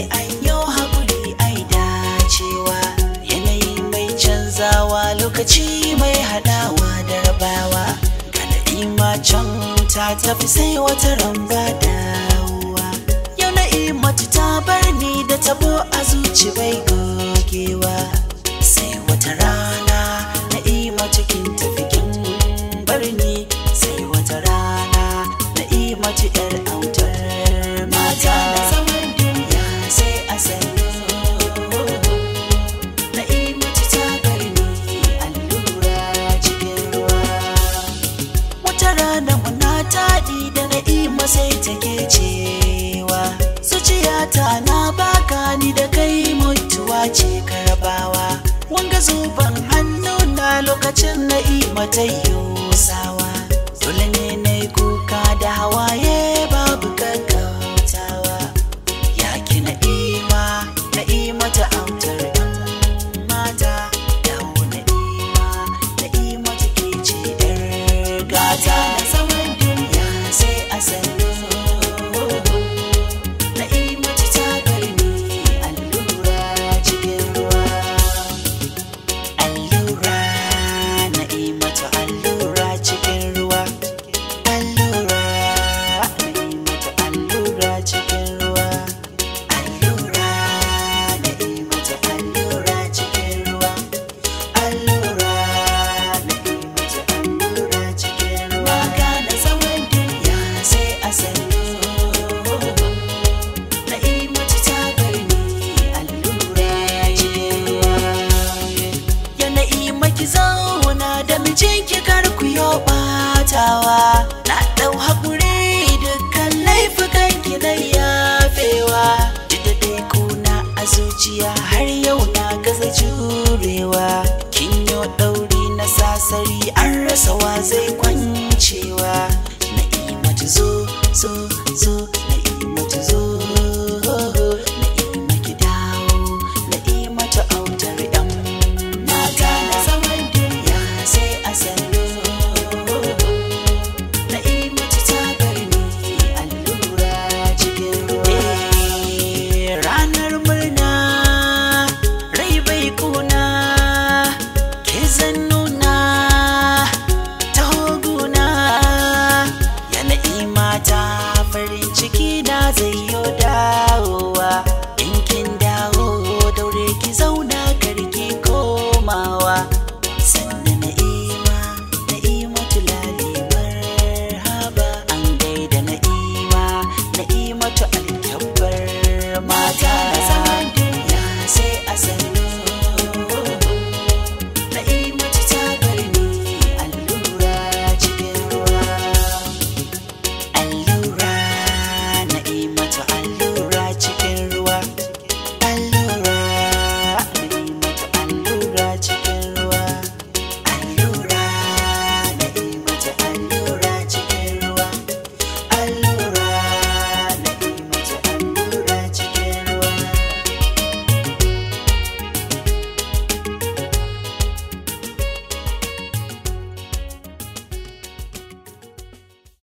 an yau hakuri ai dacewa yanayi mai canzawa lokaci mai haɗawa da rabawa ga na'ima ta tafi sai wata ramba dawowa yau imatu ta bar ni da tabo a zuci bai gogewa sai wata rana imatu kin tafi kin bar ni sai wata rana na imatu 'yar autar mata lokacin na yi sawa dole ne na kuka da hawaye mantawa na ɗau haƙuri dukkan laifukan ki na yafewa da dai kuna a zuciya har yau na gaza jurewa kin yi ɗauri na sasari an rasa wa zai kwancewa na imaji zo zo zo